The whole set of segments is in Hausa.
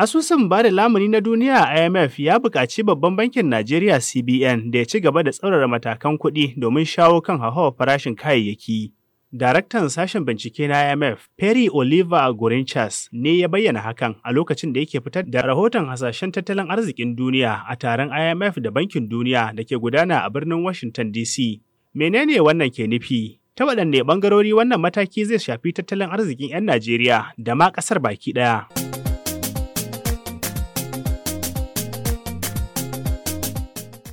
Asusun ba da lamuni na duniya a IMF ya buƙaci babban bankin Najeriya CBN da ya ci gaba da tsaurara matakan kuɗi domin shawo kan hauhawar farashin kayayyaki. Daraktan sashen bincike na IMF, Perry Oliver Gorinchas, ne ya bayyana hakan a lokacin da yake fitar da rahoton hasashen tattalin arzikin duniya a taron IMF da Bankin Duniya da ke gudana a birnin Washington DC. Menene wannan ke nufi? Ta waɗanne ɓangarori wannan mataki zai shafi tattalin arzikin 'yan Najeriya da ma ƙasar baki ɗaya.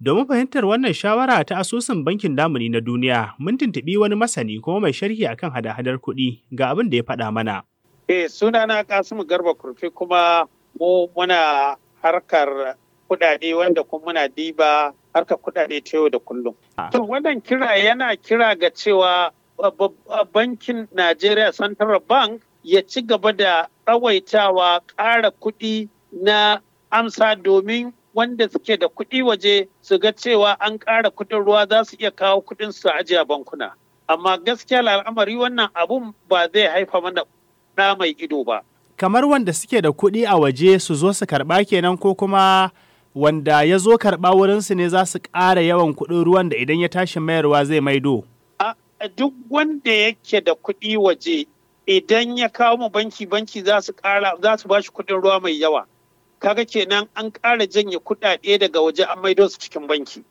Domin fahimtar wannan shawara ta asusun bankin damuni na duniya, mun tuntuɓi wani masani kuma mai sharhi akan hada-hadar kuɗi ga abin da ya faɗa mana. Eh sunana Kasimu Garba Kurfi kuma mu muna harkar kuɗaɗe wanda kuma muna diba harkar kuɗaɗe ta yau da kullum. Ah. To wannan kira yana kira ga cewa bankin Najeriya Central Bank ya ci gaba da tsawaitawa ƙara kuɗi na amsa domin wanda suke da kuɗi waje su ga cewa an ƙara kuɗin ruwa za su iya kawo kuɗin su ajiye bankuna. Amma gaskiya al'amari wannan abun ba zai haifa mana ɗa mai ido ba. Kamar wanda suke da kuɗi a waje su zo su karɓa kenan ko kuma wanda ya zo karɓa wurinsu ne za su ƙara yawan kuɗin ruwan da idan ya tashi mayarwa zai maido. Duk wanda yake da kuɗi waje idan ya kawo mu banki banki za su ƙara za su bashi kuɗin ruwa mai yawa. kaga kenan an ƙara janye kuɗaɗe daga waje an maido su cikin banki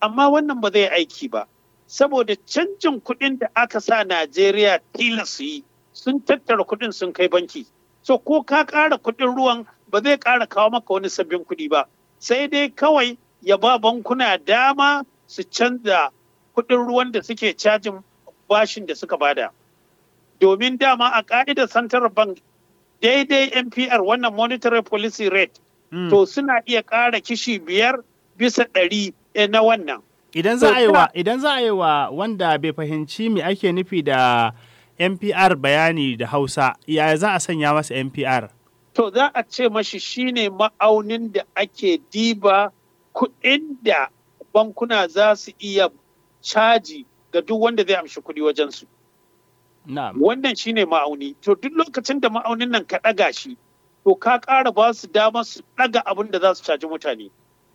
amma wannan ba zai aiki ba saboda canjin kuɗin da aka sa Najeriya tilas su yi sun tattara kuɗin sun kai banki so ko ka ƙara kuɗin ruwan ba zai ƙara kawo maka wani sabbin kuɗi ba sai dai kawai ya ba bankuna dama su canza kuɗin ruwan da suke cajin bashin da suka bada domin dama a ƙa'idar central bank daidai NPR wannan monetary policy rate hmm. to suna iya ƙara kishi biyar bisa ɗari eh, na wannan. Idan za a yi wa wanda bai fahimci me ake nufi da NPR bayani da Hausa yaya za a sanya masa NPR? To za a ce mashi shine ma'aunin da ake diba kuɗin da bankuna za su iya caji ga duk wanda zai amshi kuɗi wajensu. Wannan shi ne ma'auni. To duk lokacin da ma'aunin nan ka ɗaga shi, to ka ƙara ba su dama su ɗaga abin da za su caji mutane.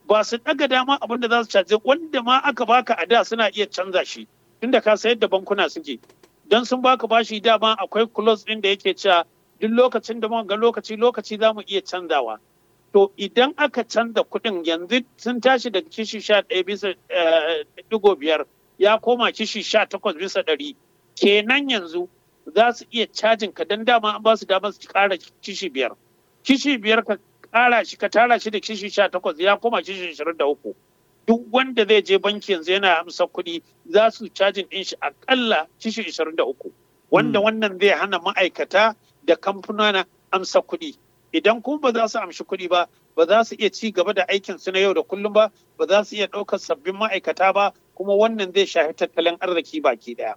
Ba su ɗaga dama abin da za su caji wanda ma aka baka a da suna iya canza shi. Tunda ka sayar da bankuna suke. Don sun baka bashi dama akwai close ɗin da yake cewa duk lokacin da ga lokaci lokaci za mu iya canzawa. To idan aka canza kuɗin yanzu sun tashi daga kishi sha ɗaya bisa eh, ɗigo biyar ya koma kishi sha takwas bisa ɗari kenan yanzu za su iya cajin ka don dama an ba su damar su kara kishi biyar kishi biyar ka kara shi ka tara shi da kishi sha takwas ya koma kishi ashirin da uku duk wanda zai je banki yanzu yana amsa kuɗi za su cajin ɗin shi akalla kishi ashirin da uku wanda hmm. wannan zai hana ma'aikata da na amsa kuɗi idan kuma ba za su amshi kuɗi ba ba za su iya ci gaba da aikin su na yau da kullum ba ba za su iya ɗaukar sabbin ma'aikata ba kuma wannan zai shafi tattalin arziki baki ɗaya.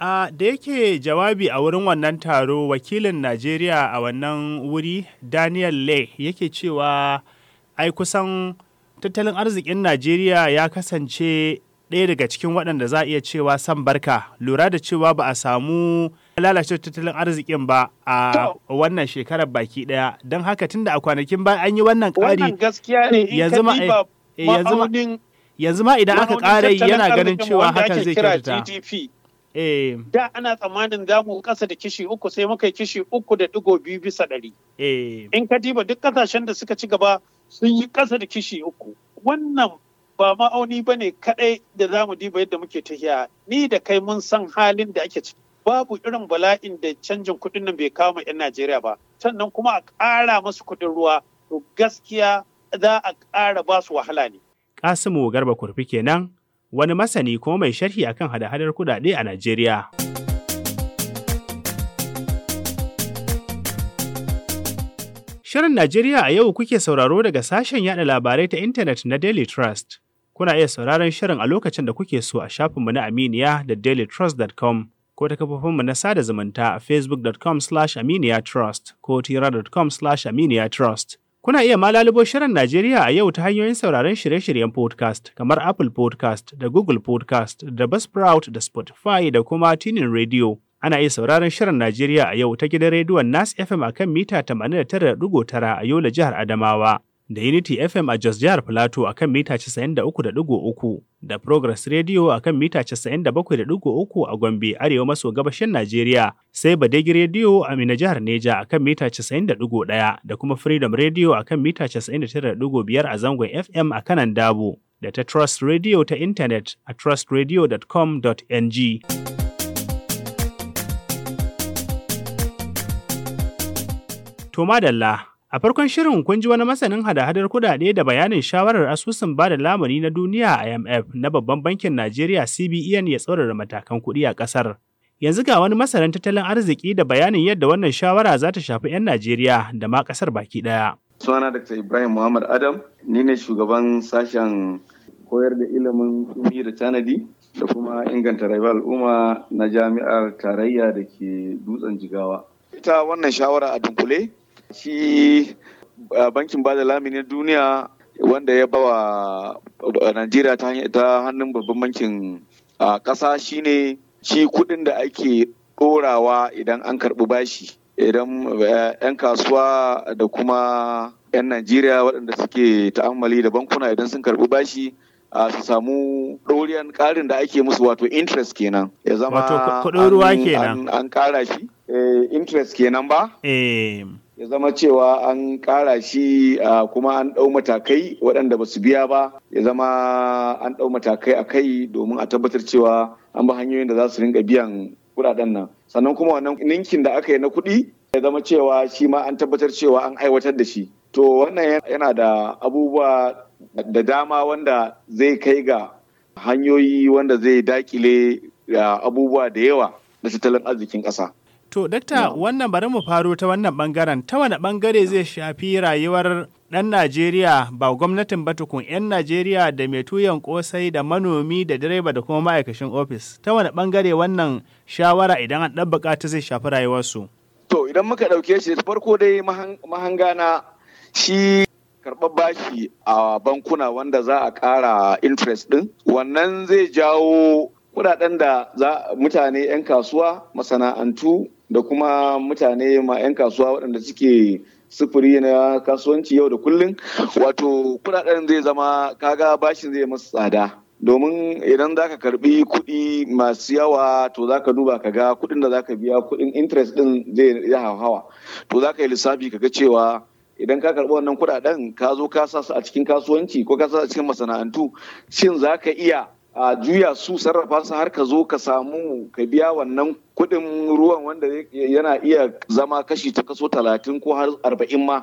A da yake jawabi a wurin wannan taro wakilin Najeriya a wannan wuri Daniel Le yake cewa ai kusan tattalin arzikin Najeriya ya kasance ɗaya daga cikin waɗanda za a iya cewa san barka lura da cewa ba a samu lalace tattalin arzikin ba a wannan shekarar baki ɗaya don haka tun da a kwanakin ba an yi wannan ƙari yanzu ma idan aka ƙara yana ganin cewa hakan zai kyautata. Eh. Da ana tsammanin za mu kasa da kishi uku sai muka yi kishi uku da digo biyu bisa ɗari. Eh. In ka diba duk ƙasashen da suka ci gaba sun yi kasa da kishi uku. Wannan ba ma'auni ba ne kaɗai da za mu diba yadda muke tafiya. Ni da kai mun san halin da ake ciki. Babu irin bala'in da canjin kuɗin nan bai kama 'yan Najeriya ba. Sannan kuma a ƙara masu kuɗin ruwa. To gaskiya za a ƙara ba su wahala ne. Kasimu Garba Kurfi kenan wani masani kuma mai sharhi akan hada-hadar kudade a Najeriya. Shirin Najeriya a yau kuke sauraro daga sashen yada labarai ta intanet na Daily Trust. Kuna iya sauraron shirin a lokacin da kuke so a shafinmu na Aminiya da dailytrust.com ko ta kafofinmu na sada zumunta a facebookcom aminiyatrust ko tiracom aminiyatrust Kuna iya malalibo shirin Najeriya a yau ta hanyoyin sauraron shirye-shiryen podcast kamar Apple podcast da Google podcast da Buzzsprout da Spotify da kuma tinin Radio. Ana iya sauraron shirin Najeriya a yau ta gidan rediyon Nas FM a kan mita 89.9 a Yola jihar Adamawa. da Unity FM a Jos Jihar Filato a kan mita 93.3 da Progress Radio a kan mita 97.3 a Gombe Arewa maso gabashin Najeriya sai Badegi Radio a Mina Jihar Neja a kan mita 90.1 da kuma Freedom Radio a kan mita 99.5 a zangon FM a kanan Dabo da ta Trust Radio ta intanet a trustradio.com.ng. To madalla A farkon shirin kun ji wani masanin hada-hadar kudade da bayanin shawarar asusun bada lamuni na duniya a IMF na babban bankin Najeriya CBN e ya tsaurara matakan kuɗi a ƙasar. Yanzu ga wani masanin tattalin arziki da bayanin yadda wannan shawara za ta shafi 'yan Najeriya da ma ƙasar baki ɗaya. suna Dr. Ibrahim Muhammad Adam, ni ne shugaban sashen koyar da ilimin kumi da tanadi da kuma inganta rayuwar al'umma na jami'ar tarayya da ke dutsen jigawa. Ita wannan shawara a dunkule Shi bankin bada lami duniya wanda ya bawa Najeriya ta hannun babban bankin ƙasa shine shi kuɗin da ake ɗorawa idan an karɓi bashi idan 'yan kasuwa da kuma 'yan Najeriya waɗanda suke ta'ammali da bankuna idan sun karɓi bashi a su samu ɗoriyan ƙarin da ake musu wato interest kenan ya zama an ƙara shi eh, interest kenan ba eh. ya zama cewa an kara shi kuma an ɗau matakai waɗanda ba su biya ba ya zama an ɗau matakai a kai domin a tabbatar cewa an ba hanyoyin da za su ringa biyan kuɗaɗen nan sannan kuma wannan ninkin da aka yi na kuɗi ya zama cewa shi ma an tabbatar cewa an aiwatar da shi to wannan yana da abubuwa da dama wanda zai kai ga hanyoyi wanda zai dakile abubuwa da yawa na tattalin arzikin ƙasa To, dakta wannan bari mu faro ta wannan bangaren, ta wani bangare zai shafi rayuwar ɗan Najeriya ba gwamnatin ba tukun 'yan Najeriya da mai tuyan kosai da manomi da direba da kuma ma'aikashin ofis. Ta wani bangare wannan shawara idan an ɗan bukata zai shafi rayuwarsu. To, idan muka ɗauke shi farko dai mahangana shi karɓar bashi a bankuna wanda za a ƙara interest ɗin, wannan zai jawo kudaden da za mutane 'yan kasuwa masana'antu da kuma mutane ma 'yan kasuwa waɗanda suke sufuri na kasuwanci yau da kullum wato kudaden zai zama kaga bashin zai masu tsada domin idan za ka karbi kuɗi masu yawa to za ka duba ka ga kuɗin da za ka biya kuɗin interest din zai hawa to za ka yi lissafi ka ga cewa idan ka karbi wannan kuɗaɗen ka zo ka sa a cikin kasuwanci ko ka sa a cikin masana'antu shin za ka iya a juya su sarrafa su har ka zo ka samu ka biya wannan kuɗin ruwan wanda yana iya zama kashi ta kaso talatin ko har arba'in ma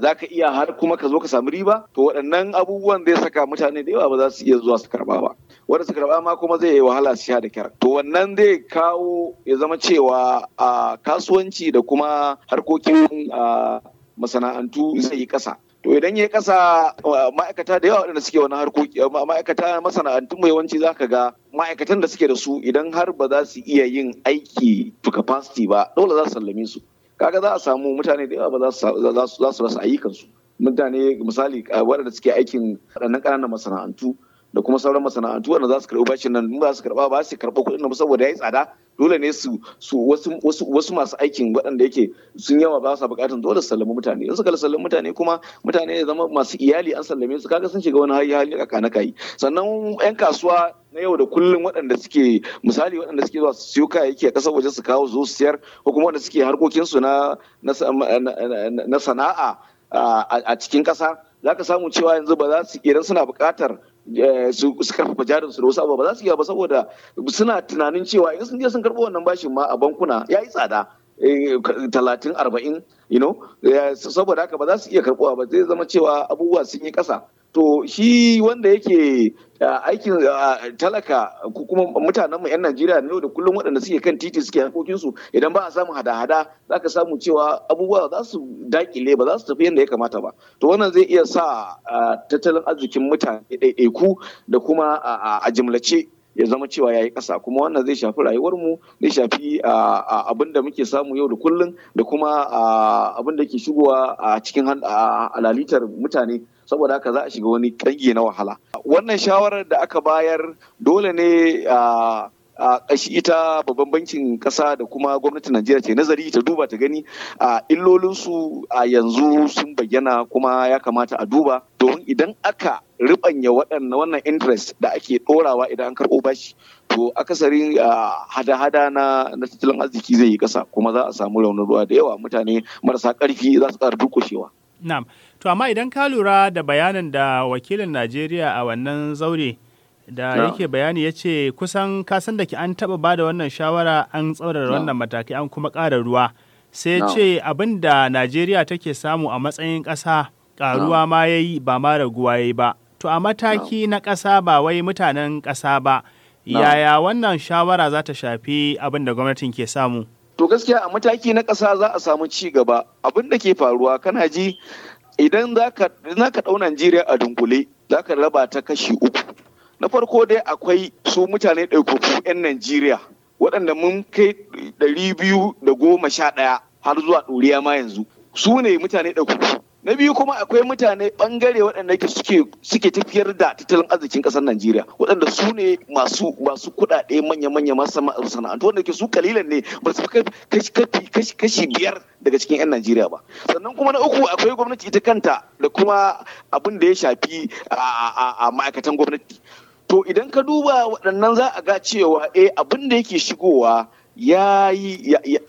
za ka iya har kuma ka zo ka samu riba to waɗannan abubuwan zai saka mutane da yawa ba za su iya zuwa su karba ba wanda su karba ma kuma zai yi wahala su sha da kyar to wannan zai kawo ya zama cewa a kasuwanci da kuma harkokin masana'antu zai yi ƙasa to idan ya kasa ma'aikata da yawa waɗanda suke wani harkoki ma'aikata masana'antun mu yawanci za ka ga ma'aikatan da suke da su idan har ba za su iya yin aiki to capacity ba dole za su sallame su kaga za a samu mutane da yawa ba za su rasa ayyukansu mutane misali waɗanda suke aikin waɗannan ƙananan masana'antu da kuma sauran masana'antu wanda za su karɓi bashin nan za su karɓa ba su karɓa kuɗin nan saboda ya yi tsada dole ne su su wasu wasu masu aikin waɗanda yake sun yawa ba sa buƙatar dole su sallami mutane in suka sallami mutane kuma mutane ya zama masu iyali an sallame su kaga sun shiga wani hali hali kaka na kai sannan yan kasuwa na yau da kullum waɗanda suke misali waɗanda suke zuwa su siyo kayayyaki a ƙasar waje su kawo zo su siyar ko kuma waɗanda suke harkokinsu na na sana'a a cikin ƙasa za ka samu cewa yanzu ba za su idan suna buƙatar Eh, su karfafa jarin su da wasu abu ba za su iya ba saboda suna tunanin cewa in sun je sun karɓo wannan bashin ma a bankuna ya yi tsada eh, talatin arba'in you know eh, saboda haka ba za su iya karɓuwa ba zai zama cewa abubuwa sun yi ƙasa to shi wanda yake aikin talaka kuma mutanen mu 'yan Najeriya ne da kullum waɗanda suke kan titi suke su idan ba a samu hada-hada za ka samu cewa abubuwa za su dakile ba za su tafi yadda ya kamata ba to wannan zai iya sa tattalin arzikin mutane ɗaiɗaiku da kuma a jimlace ya zama cewa ya yi ƙasa kuma wannan zai shafi rayuwar mu zai shafi abin da muke samu yau da kullum da kuma abin da ke shigowa a cikin alalitar mutane saboda haka za a shiga wani kange na wahala wannan shawarar da aka bayar dole ne a a ƙashi ita babban bankin ƙasa da kuma gwamnatin najeriya ce nazari ta duba ta gani a illolinsu a yanzu sun bayyana kuma ya kamata a duba domin idan aka ribanya waɗannan wannan interest da ake ɗorawa idan an karɓo bashi to akasarin hada-hada na tattalin arziki zai yi ƙasa kuma za a samu raunin ruwa da yawa mutane marasa ƙarfi za su ƙara durƙushewa. Na'am, to amma idan ka lura da bayanin da wakilin Najeriya a wannan zaure da yake bayani ya ce kusan kasan da ke an taba ba da wannan shawara an tsaurara wannan matakai an kuma ƙara ruwa. Sai ce abin da Najeriya take samu a matsayin ƙasa ƙaruwa ma ya yi ba ma raguwa ya yi ba. To a mataki na ƙasa ba wai mutanen ƙasa ba. Yaya wannan shawara za ta shafi abin da gwamnatin ke samu? to gaskiya a mataki na ƙasa za a samu ci gaba abin da ke faruwa kana ji idan za ka ɗau najeriya a dunkule za ka raba ta kashi uku na farko dai akwai su mutane ɗaukaku 'yan najeriya waɗanda mun kai ɗari biyu da goma sha ɗaya har zuwa ɗuriya ma yanzu su ne mutane ɗaukaku na biyu kuma akwai mutane bangare waɗanda suke tafiyar da tattalin arzikin ƙasar Najeriya waɗanda su ne masu masu kuɗaɗe manya-manya masu sana'antu wanda ke su kalilan ne ba su kashi kashi biyar daga cikin 'yan Najeriya ba sannan kuma na uku akwai gwamnati ita kanta da kuma abin da ya shafi a ma'aikatan gwamnati to idan ka duba waɗannan za a ga cewa eh abin da yake shigowa ya yi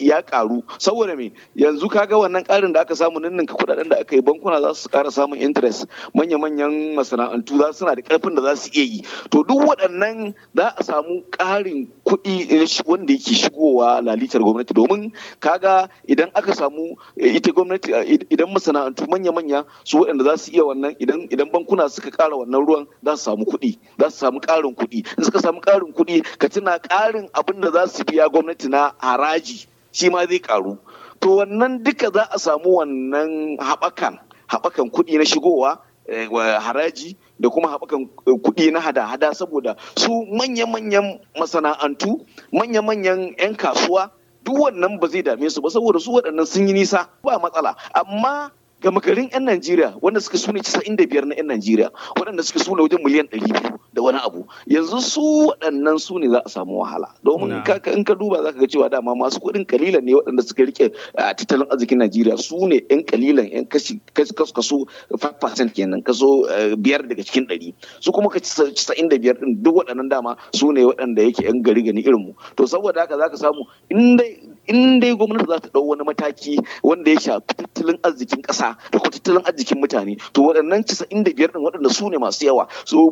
ya karu saboda me yanzu kaga wannan karin da aka samu ninninka kudaden da aka yi bankuna za su kara samun interest manya-manyan masana'antu za suna da karfin da za su iya yi to duk waɗannan za a samu karin kuɗi eh, wanda yake shigowa lalitar gwamnati domin kaga idan aka samu eh, ita gwamnati eh, idan masana'antu manya-manya su waɗanda za su iya wannan idan bankuna suka kara wannan ruwan za su samu kuɗi za su samu karin kuɗi in suka samu karin kuɗi ka tuna karin abin da za su biya gwamnati gwamnati na haraji shi ma zai karu to wannan duka za a samu wannan haɓakan haɓakan kuɗi na shigowa eh, haraji da kuma haɓakan eh, kuɗi na hada-hada saboda su manya-manyan masana'antu manya-manyan 'yan kasuwa duk wannan ba zai dame su ba saboda su waɗannan sun yi nisa ba matsala amma ga makarin 'yan Najeriya wanda suka sune 95 na 'yan Najeriya waɗanda suka sune wajen miliyan 200 da wani abu yanzu su waɗannan su ne za a samu wahala domin in ka duba za ka ga cewa dama masu kuɗin kalilan ne waɗanda suka rike tattalin arzikin najeriya su ne ɗan kalilan ɗan kashi kaso 5% kenan kaso e, biyar daga cikin ɗari su kuma ka casa'in da biyar ɗin duk waɗannan dama su ne waɗanda yake ɗan gari gani irinmu to saboda haka za ka samu in dai in dai gwamnati za ta ɗau wani mataki wanda ya shafi tattalin arzikin ƙasa da kuma tattalin arzikin mutane to waɗannan casa'in inda biyar ɗin waɗanda su ne masu yawa so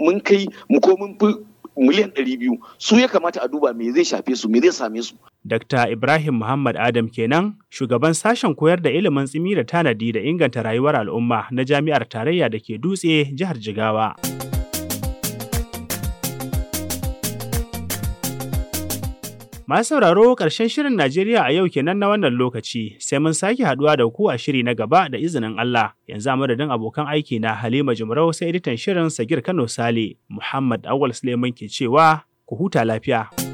mun kai mu ko mun fi miliyan ɗari biyu su ya kamata a duba me zai shafe su me zai same su. Dr. Ibrahim Muhammad Adam kenan shugaban sashen koyar da ilimin tsimi da tanadi da inganta rayuwar al'umma na jami'ar tarayya da ke dutse jihar Jigawa. Masu sauraro ƙarshen shirin Najeriya a yau kenan na wannan lokaci, sai mun sake haɗuwa da ku a shiri na gaba da izinin Allah. Yanzu a madadin abokan aiki na Halima Jumrau sai editan shirin Sagir Kano Sale, Muhammad Awal Suleiman ke cewa ku huta lafiya.